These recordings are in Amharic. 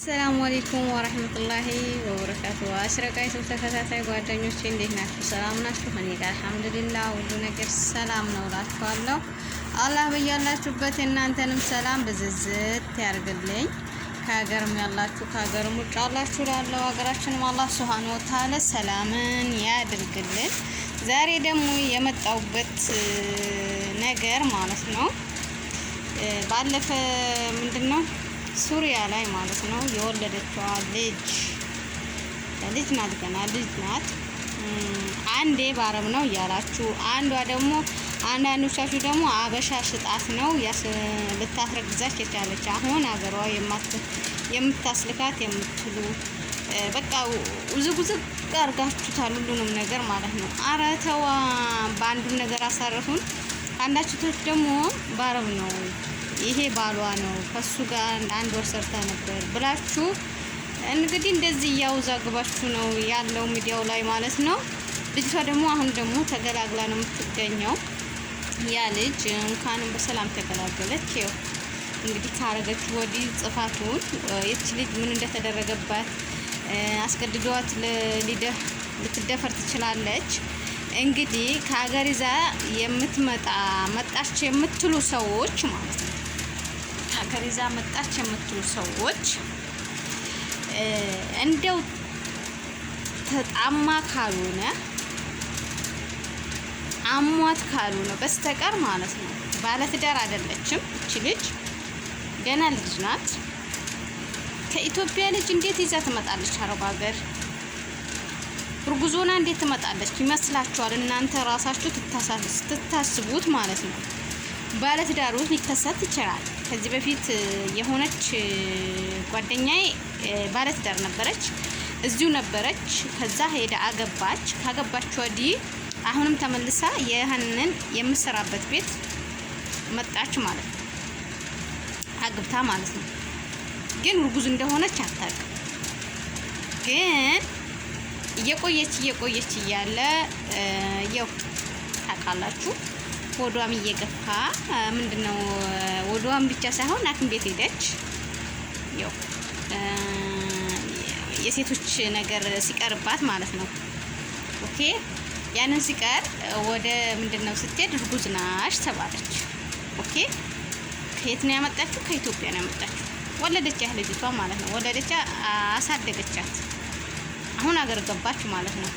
አሰላሙ አሌይኩም ወረህመቱላሂ ወበረካቱ። አሽረቃይቱ ተከታታይ ጓደኞቼ እንዴት ናችሁ? ሰላም ናችሁ? እኔ ጋር አልሐምዱሊላህ ሁሉ ነገር ሰላም ነው እላችኋለሁ። አላህ በያላችሁበት እናንተንም ሰላም ብዝዝት ያርግልኝ። ከሀገርም ያላችሁ ከሀገርም ውጭ አላችሁ ላለው ሀገራችንም አላህ ሱብሃነሁ ወተዓላ ሰላምን ያድርግልን። ዛሬ ደግሞ የመጣውበት ነገር ማለት ነው ባለፈ ምንድን ነው ሱሪያ ላይ ማለት ነው የወለደችዋ ልጅ ልጅ ናት፣ ገና ልጅ ናት። አንዴ ባረብ ነው እያላችሁ አንዷ ደግሞ አንዳንዶቻችሁ ደግሞ አበሻ ሽጣት ነው ልታስረግዛች የቻለች አሁን ሀገሯ የምታስልካት የምትሉ በቃ ውዝግዝግ አድርጋችሁታል ሁሉንም ነገር ማለት ነው። አረ ተዋ፣ በአንዱም ነገር አሳረፉን። አንዳችቶች ደግሞ በአረብ ነው ይሄ ባሏ ነው ከሱ ጋር አንድ ወር ሰርታ ነበር ብላችሁ እንግዲህ እንደዚህ እያወዛግባችሁ ነው ያለው ሚዲያው ላይ ማለት ነው። ልጅቷ ደግሞ አሁን ደግሞ ተገላግላ ነው የምትገኘው። ያ ልጅ እንኳንም በሰላም ተገላገለች። ይኸው እንግዲህ ካረገች ወዲህ ጽፋቱን ይች ልጅ ምን እንደተደረገባት አስገድዷት ልትደፈር ትችላለች። እንግዲህ ከሀገር ይዛ የምትመጣ መጣች የምትሉ ሰዎች ማለት ነው ከሪዛ መጣች የምትሉ ሰዎች እንደው ተጣማ ካልሆነ አሟት ካልሆነ በስተቀር ማለት ነው። ባለትዳር አይደለችም እቺ ልጅ፣ ገና ልጅ ናት። ከኢትዮጵያ ልጅ እንዴት ይዛ ትመጣለች? አረብ ሀገር እርጉዞና እንዴት ትመጣለች ይመስላችኋል? እናንተ ራሳችሁ ትታስቡት ማለት ነው። ባለትዳሮች ሊከሰት ይችላል። ከዚህ በፊት የሆነች ጓደኛዬ ባለትዳር ነበረች፣ እዚሁ ነበረች። ከዛ ሄዳ አገባች። ካገባች ወዲህ አሁንም ተመልሳ ይህንን የምሰራበት ቤት መጣች ማለት ነው። አግብታ ማለት ነው። ግን እርጉዝ እንደሆነች አታውቅም። ግን እየቆየች እየቆየች እያለ ያው ታውቃላችሁ ወዷም እየገፋ ምንድን ነው ብቻ ሳይሆን ሐኪም ቤት ሄደች። ያው የሴቶች ነገር ሲቀርባት ማለት ነው። ኦኬ ያንን ሲቀር ወደ ምንድን ነው ስትሄድ እርጉዝ ናሽ ተባለች። ኦኬ ከየት ነው ያመጣችሁ? ከኢትዮጵያ ነው ያመጣችሁ። ወለደች ያህል ልጅቷ ማለት ነው። ወለደቻ፣ አሳደገቻት። አሁን አገር ገባች ማለት ነው።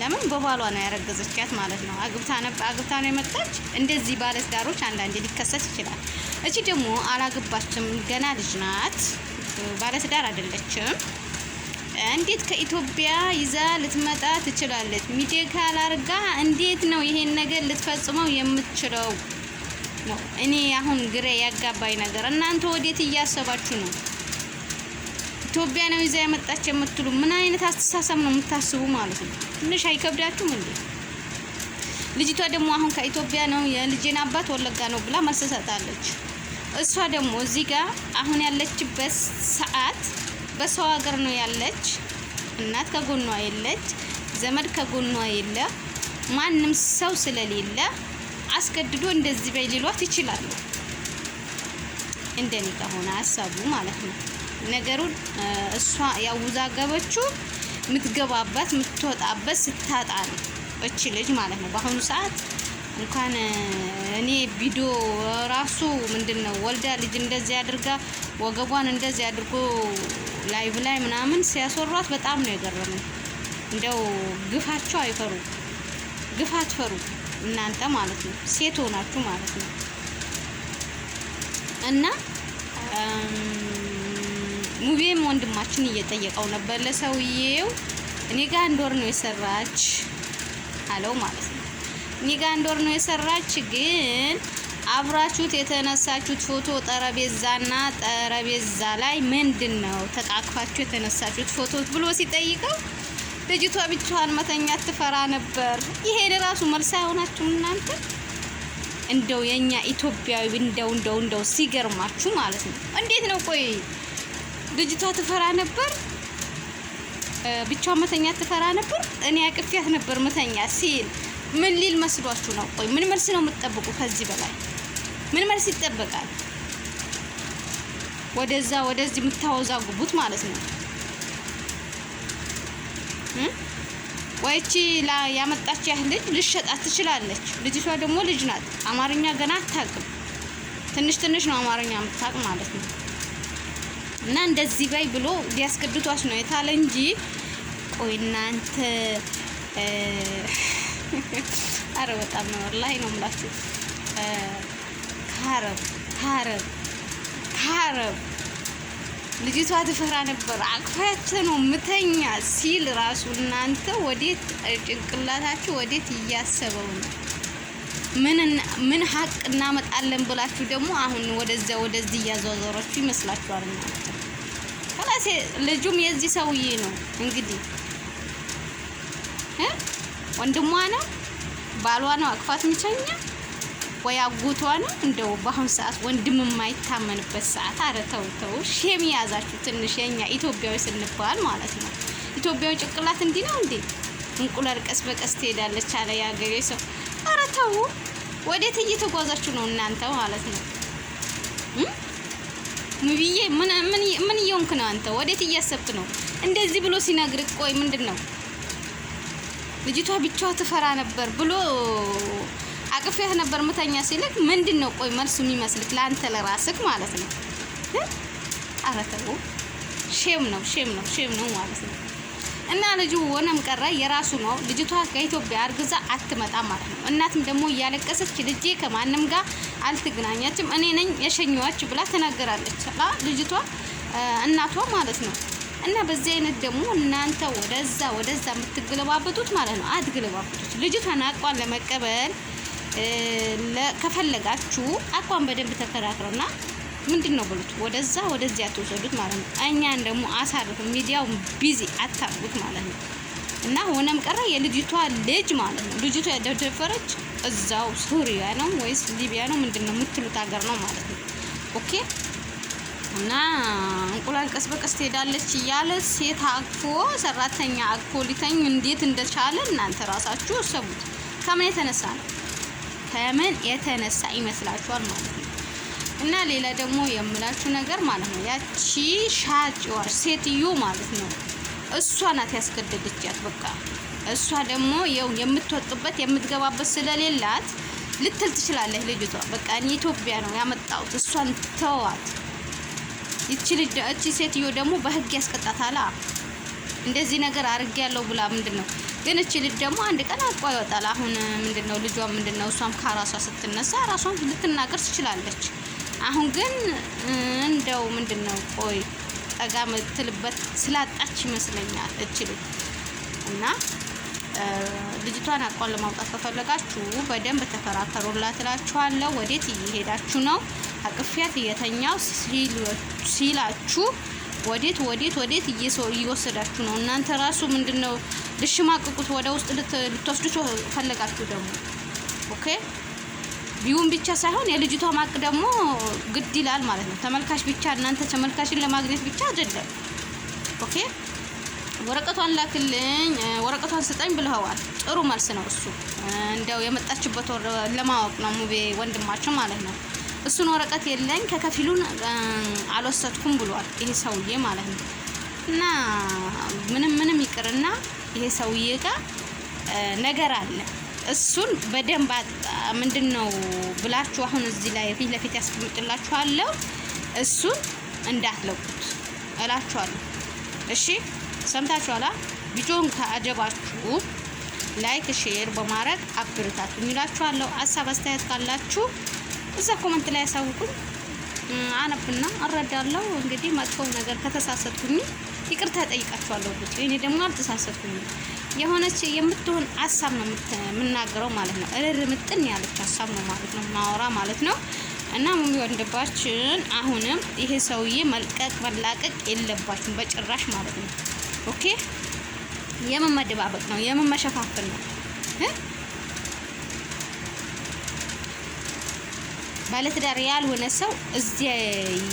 ለምን በባሏ ነው ያረገዘቻት ማለት ነው። አግብታ ነበር አግብታ ነው የመጣች። እንደዚህ ባለትዳሮች አንዳንዴ ሊከሰት ይችላል። እቺ ደግሞ አላገባችም፣ ገና ልጅ ናት፣ ባለትዳር አይደለችም። እንዴት ከኢትዮጵያ ይዛ ልትመጣ ትችላለች? ሚዲያ ላርጋ እንዴት ነው ይሄን ነገር ልትፈጽመው የምትችለው? እኔ አሁን ግሬ ያጋባኝ ነገር እናንተ ወዴት እያሰባችሁ ነው? ኢትዮጵያ ነው ይዛ ያመጣች የምትሉ ምን አይነት አስተሳሰብ ነው የምታስቡ ማለት ነው? ትንሽ አይከብዳችሁም እንዴ? ልጅቷ ደግሞ አሁን ከኢትዮጵያ ነው የልጄን አባት ወለጋ ነው ብላ መልስ ሰጣለች። እሷ ደግሞ እዚህ ጋር አሁን ያለችበት ሰዓት በሰው ሀገር ነው ያለች። እናት ከጎኗ የለች፣ ዘመድ ከጎኗ የለ፣ ማንም ሰው ስለሌለ አስገድዶ እንደዚህ በይ ሊሏት ይችላሉ። እንደኔ ከሆነ ሀሳቡ ማለት ነው። ነገሩን እሷ ያወዛገበችው የምትገባበት የምትወጣበት ስታጣ ነው እች ልጅ ማለት ነው። በአሁኑ ሰዓት እንኳን እኔ ቪዲዮ ራሱ ምንድን ነው ወልዳ ልጅ እንደዚህ አድርጋ ወገቧን እንደዚህ አድርጎ ላይቭ ላይ ምናምን ሲያስወሯት በጣም ነው የገረመኝ። እንደው ግፋቸው አይፈሩ፣ ግፋት አትፈሩ እናንተ ማለት ነው፣ ሴት ሆናችሁ ማለት ነው እና ሙቪም ወንድማችን እየጠየቀው ነበር ለሰውዬው። እኔ ጋ አንድ ወር ነው የሰራች አለው ማለት ነው። እኔ ጋ አንድ ወር ነው የሰራች ግን አብራችሁት የተነሳችሁት ፎቶ ጠረጴዛና ጠረጴዛ ላይ ምንድን ነው ተቃቅፋችሁ የተነሳችሁት ፎቶ ብሎ ሲጠይቀው ልጅቷ ብቻዋን መተኛ ትፈራ ነበር። ይሄን ራሱ መልስ አይሆናችሁም እናንተ እንደው የኛ ኢትዮጵያዊ እንደው እንደው እንደው ሲገርማችሁ ማለት ነው። እንዴት ነው ቆይ ልጅቷ ትፈራ ነበር፣ ብቻ መተኛ ትፈራ ነበር። እኔ አቅፊያት ነበር መተኛ ሲል ምን ሊል መስሏችሁ ነው? ቆይ ምን መልስ ነው የምትጠብቁ? ከዚህ በላይ ምን መልስ ይጠበቃል? ወደዛ ወደዚህ የምታወዛጉቡት ማለት ነው። ወይቺ ያመጣች ያህ ልጅ ልሸጣት ትችላለች። ልጅቷ ደግሞ ልጅ ናት። አማርኛ ገና አታውቅም። ትንሽ ትንሽ ነው አማርኛ የምታውቅ ማለት ነው። እና እንደዚህ በይ ብሎ ሊያስገድቷች ነው የታለ እንጂ ቆይ እናንተ አረ በጣም ነው ወላሂ ነው የምላችሁ። ካረብ ካረብ ካረብ ልጅቷ ትፈራ ነበር። አቅፈት ነው ምተኛ ሲል ራሱ እናንተ ወዴት ጭንቅላታችሁ ወዴት እያሰበው ነው? ምን ሀቅ እናመጣለን ብላችሁ ደግሞ አሁን ወደዚያ ወደዚህ እያዘዋዘሯችሁ ይመስላችኋል እናንተ። ከላሴ ልጁም የዚህ ሰውዬ ነው እንግዲህ ወንድሟ ነው ባሏ ነው አቅፋት ምቸኛ ወይ አጎቷ ነው። እንደው በአሁን ሰዓት ወንድም የማይታመንበት ሰዓት። አረ ተው ተው፣ ሼም የያዛችሁ ትንሽ የኛ ኢትዮጵያዊ ስንባል ማለት ነው። ኢትዮጵያዊ ጭቅላት እንዲህ ነው እንዴ? እንቁላል ቀስ በቀስ ትሄዳለች አለ የሀገሬ ሰው። ኧረ ተው፣ ወዴት እየተጓዛችሁ ነው እናንተ ማለት ነው? ሙቢዬ ምን ምን እየሆንክ ነው አንተ? ወዴት እያሰብክ ነው? እንደዚህ ብሎ ሲነግርህ ቆይ ምንድን ነው ልጅቷ ብቻዋ ትፈራ ነበር ብሎ አቅፌህ ነበር ምተኛ ሲልክ ምንድን ነው ቆይ መልሱ የሚመስልክ ለአንተ ለራስክ ማለት ነው። አረተው ሼም ነው ሼም ነው ሼም ነው ማለት ነው። እና ልጁ ሆነም ቀረ የራሱ ነው። ልጅቷ ከኢትዮጵያ አርግዛ አትመጣ ማለት ነው። እናትም ደግሞ እያለቀሰች ልጄ ከማንም ጋር አልትገናኛችም እኔ ነኝ የሸኘዋች ብላ ተናገራለች። ልጅቷ እናቷ ማለት ነው። እና በዚህ አይነት ደግሞ እናንተ ወደዛ ወደዛ የምትገለባበጡት ማለት ነው። አትገለባበጡት። ልጅቷን አቋን ለመቀበል ከፈለጋችሁ አቋን በደንብ ተከራክረውና ምንድን ነው ብሉት፣ ወደዛ ወደዚህ አትወሰዱት ማለት ነው። እኛን ደግሞ አሳርፉ፣ ሚዲያው ቢዚ አታርጉት ማለት ነው። እና ሆነም ቀረ የልጅቷ ልጅ ማለት ነው። ልጅቷ ያደፈረች እዛው ሱሪያ ነው ወይስ ሊቢያ ነው ምንድን ነው የምትሉት ሀገር ነው ማለት ነው። ኦኬ። እና እንቁላል ቀስ በቀስ ትሄዳለች እያለ ሴት አቅፎ ሰራተኛ አቅፎ ሊተኝ እንዴት እንደቻለ እናንተ ራሳችሁ ወሰቡት። ከምን የተነሳ ነው? ከምን የተነሳ ይመስላችኋል ማለት ነው። እና ሌላ ደግሞ የምላችሁ ነገር ማለት ነው ያቺ ሻጭዋ ሴትዮ ማለት ነው እሷ ናት ያስገደደቻት። በቃ እሷ ደግሞ የው የምትወጥበት የምትገባበት ስለሌላት ልትል ትችላለች ልጅቷ። በቃ እኔ ኢትዮጵያ ነው ያመጣሁት፣ እሷን ተዋት። ይቺ ልጅ እቺ ሴትዮ ደግሞ በህግ ያስቀጣታላ እንደዚህ ነገር አርግ ያለው ብላ ምንድን ነው ግን እቺ ልጅ ደግሞ አንድ ቀን አቋ ይወጣል። አሁን ምንድን ነው ልጇ ምንድን ነው እሷም ከራሷ ስትነሳ ራሷን ልትናገር ትችላለች። አሁን ግን እንደው ምንድን ነው ቆይ ጠጋ ምትልበት ስላጣች ይመስለኛል እችል እና ልጅቷን አቋን ለማውጣት ከፈለጋችሁ በደንብ ተከራከሩላት እላችኋለሁ። ወዴት እየሄዳችሁ ነው? አቅፊያት እየተኛው ሲላችሁ ወዴት ወዴት ወዴት እየወሰዳችሁ ነው? እናንተ ራሱ ምንድን ነው ልሽማቅቁት ወደ ውስጥ ልትወስዱት ፈለጋችሁ ደግሞ ኦኬ ቢዩን ብቻ ሳይሆን የልጅቷ ማቅ ደግሞ ግድ ይላል ማለት ነው። ተመልካች ብቻ እናንተ ተመልካችን ለማግኘት ብቻ አይደለም። ኦኬ ወረቀቷን ላክልኝ፣ ወረቀቷን ስጠኝ ብለዋል ጥሩ መልስ ነው እሱ። እንዲያው የመጣችበት ወር ለማወቅ ነው ሙቤ ወንድማችን ማለት ነው። እሱን ወረቀት የለኝ ከከፊሉን አልወሰድኩም ብሏል ይሄ ሰውዬ ማለት ነው። እና ምንም ምንም ይቅርና ይሄ ሰውዬ ጋር ነገር አለ እሱን በደንብ ምንድን ነው ብላችሁ አሁን እዚህ ላይ ፊት ለፊት ያስቀምጥላችኋለሁ። እሱን እንዳትለቁት እላችኋለሁ። እሺ ሰምታችኋላ። ቪዲዮን ከአጀባችሁ ላይክ፣ ሼር በማድረግ አብርታቱኝ እላችኋለሁ። ሀሳብ አስተያየት ካላችሁ እዛ ኮመንት ላይ ያሳውቁኝ፣ አነብና እረዳለሁ። እንግዲህ መጥፎ ነገር ከተሳሰትኩኝ ይቅርታ ጠይቃችኋለሁ። እኔ ደግሞ አልተሳሰትኩኝም። የሆነች የምትሆን ሀሳብ ነው የምናገረው ማለት ነው። እርር ምጥን ያለች ሀሳብ ነው ማለት ነው ማወራ ማለት ነው። እና ሙሚ ወንድባችን አሁንም ይሄ ሰውዬ መልቀቅ መላቀቅ የለባችም በጭራሽ ማለት ነው። ኦኬ የምን መደባበቅ ነው? የምን መሸፋፍን ነው? ባለትዳር ያልሆነ ሰው እዚያ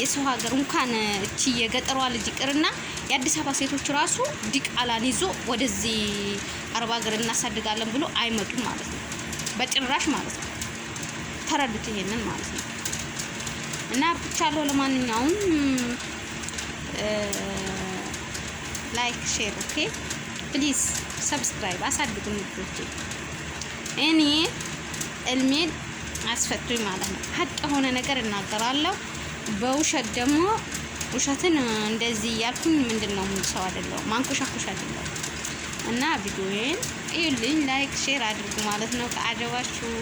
የሰው ሀገር እንኳን እቺ የገጠሯ ልጅ ቅርና የአዲስ አበባ ሴቶች ራሱ ዲቃላን ይዞ ወደዚህ አረብ ሀገር እናሳድጋለን ብሎ አይመጡም ማለት ነው፣ በጭራሽ ማለት ነው። ተረዱት ይሄንን ማለት ነው። እና ብቻለሁ። ለማንኛውም ላይክ፣ ሼር ኦኬ፣ ፕሊዝ ሰብስክራይብ አሳድጉ። እኔ እልሜን አስፈቱኝ ማለት ነው። ሀቅ የሆነ ነገር እናገራለሁ። በውሸት ደግሞ ውሸትን እንደዚህ እያልኩኝ ምንድን ነው ሰው አይደለሁ ማንኮሻኩሽ አይደለሁ እና ቪዲዮዬን እዩልኝ፣ ላይክ ሼር አድርጉ ማለት ነው። ከአጀባችሁ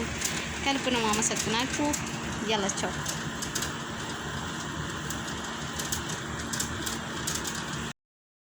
ከልብ ነው ማመሰግናችሁ እያላቸው